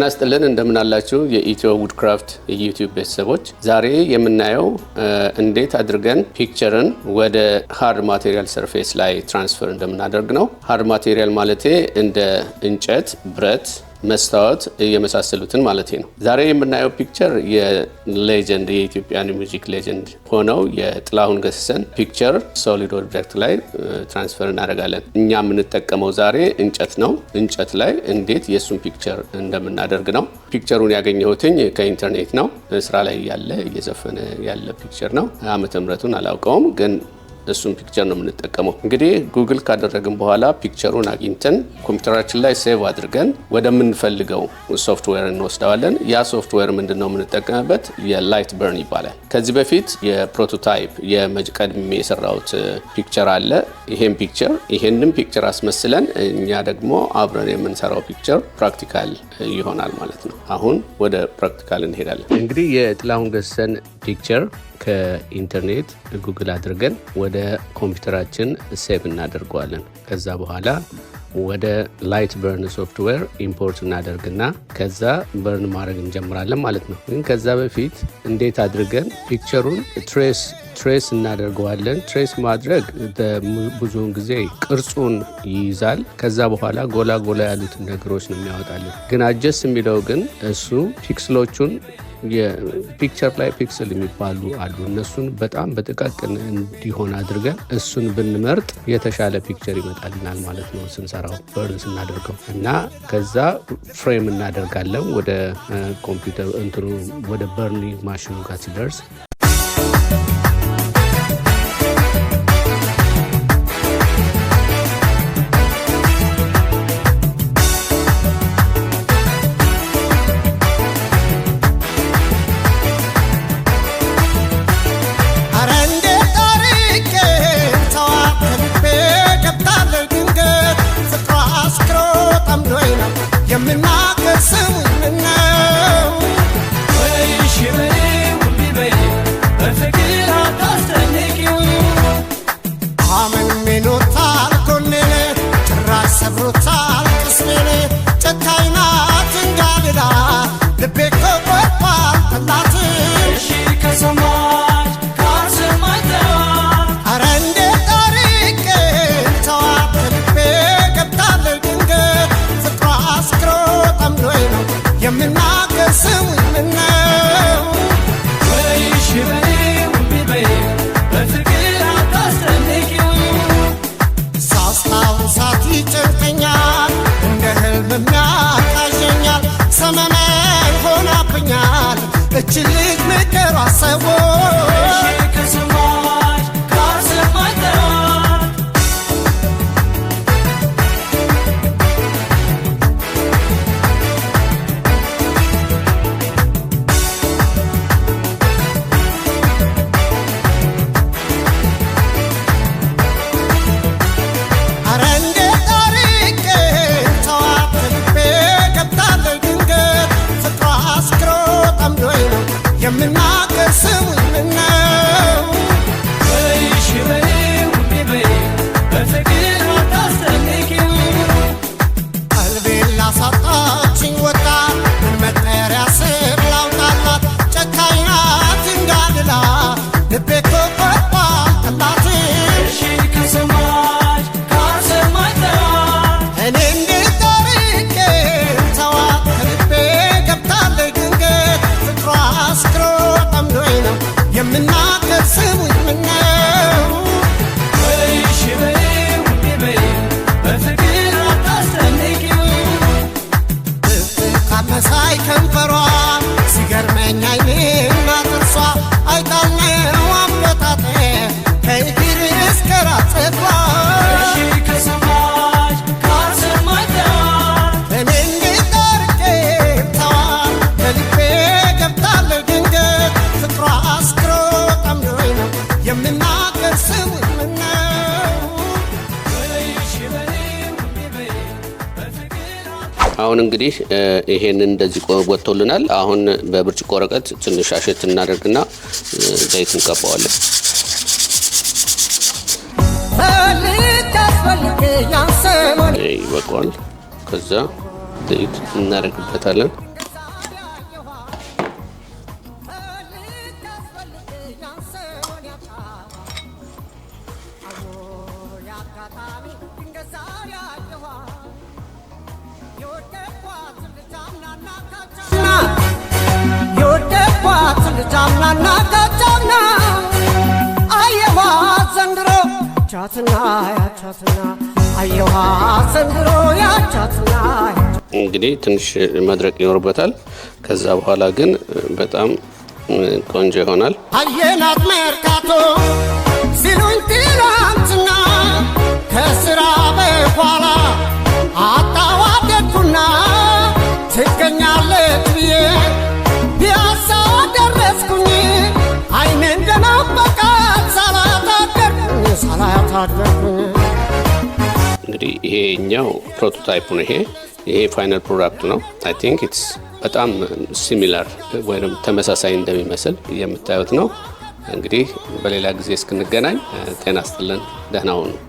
ጤና ስጥልን እንደምናላችው የኢትዮ ውድክራፍት የዩቲዩብ ቤተሰቦች፣ ዛሬ የምናየው እንዴት አድርገን ፒክቸርን ወደ ሃርድ ማቴሪያል ሰርፌስ ላይ ትራንስፈር እንደምናደርግ ነው። ሃርድ ማቴሪያል ማለቴ እንደ እንጨት፣ ብረት መስታወት የመሳሰሉትን ማለት ነው። ዛሬ የምናየው ፒክቸር የሌጀንድ የኢትዮጵያን ሚዚክ ሌጀንድ ሆነው የጥላሁን ገሰሰን ፒክቸር ሶሊድ ኦብጀክት ላይ ትራንስፈር እናደርጋለን። እኛ የምንጠቀመው ዛሬ እንጨት ነው። እንጨት ላይ እንዴት የእሱን ፒክቸር እንደምናደርግ ነው። ፒክቸሩን ያገኘሁትኝ ከኢንተርኔት ነው። ስራ ላይ ያለ እየዘፈነ ያለ ፒክቸር ነው። ዓመተ ምሕረቱን አላውቀውም ግን እሱን ፒክቸር ነው የምንጠቀመው። እንግዲህ ጉግል ካደረግን በኋላ ፒክቸሩን አግኝተን ኮምፒውተራችን ላይ ሴቭ አድርገን ወደምንፈልገው ሶፍትዌር እንወስደዋለን። ያ ሶፍትዌር ምንድን ነው የምንጠቀምበት? የላይት በርን ይባላል። ከዚህ በፊት የፕሮቶታይፕ የመቀድሜ የሰራሁት ፒክቸር አለ። ይሄን ፒክቸር ይሄንም ፒክቸር አስመስለን እኛ ደግሞ አብረን የምንሰራው ፒክቸር ፕራክቲካል ይሆናል ማለት ነው። አሁን ወደ ፕራክቲካል እንሄዳለን። እንግዲህ የጥላሁን ገሰን ፒክቸር ከኢንተርኔት ጉግል አድርገን ወደ ኮምፒውተራችን ሴቭ እናደርገዋለን። ከዛ በኋላ ወደ ላይት በርን ሶፍትዌር ኢምፖርት እናደርግና ከዛ በርን ማድረግ እንጀምራለን ማለት ነው። ግን ከዛ በፊት እንዴት አድርገን ፒክቸሩን ትሬስ ትሬስ እናደርገዋለን። ትሬስ ማድረግ ብዙውን ጊዜ ቅርጹን ይይዛል። ከዛ በኋላ ጎላ ጎላ ያሉትን ነገሮች ነው የሚያወጣልን። ግን አጀስ የሚለው ግን እሱ ፒክስሎቹን የፒክቸር ላይ ፒክስል የሚባሉ አሉ። እነሱን በጣም በጥቃቅን እንዲሆን አድርገን እሱን ብንመርጥ የተሻለ ፒክቸር ይመጣልናል ማለት ነው ስንሰራው በርን ስናደርገው እና ከዛ ፍሬም እናደርጋለን ወደ ኮምፒውተር እንትኑ ወደ በርኒ ማሽኑ ጋር ሲደርስ ይች ልጅ መከራ አሁን እንግዲህ ይሄንን እንደዚህ ወጥቶልናል። አሁን በብርጭቆ ወረቀት ትንሽ አሸት እናደርግና ዘይት እንቀባዋለን። ይበቃዋል። ከዛ ዘይት እናደርግበታለን። ካጫምናና ካጫምና አየኋት ዘንድሮ ያቻትና ያቻትና አየኋት ዘንድሮ ያቻትና እንግዲህ ትንሽ መድረቅ ይኖርበታል። ከዛ በኋላ ግን በጣም ቆንጆ ይሆናል። አየናት መርካቶ ሲሉኝ ትላንትና ከስራ በኋላ አለብን። እንግዲህ ይሄኛው ፕሮቶታይፕ ነው። ይሄ ይሄ ፋይናል ፕሮዳክት ነው። አይ ቲንክ ኢትስ በጣም ሲሚላር ወይም ተመሳሳይ እንደሚመስል የምታዩት ነው። እንግዲህ በሌላ ጊዜ እስክንገናኝ ጤና ስጥልን። ደህና ሁኑ።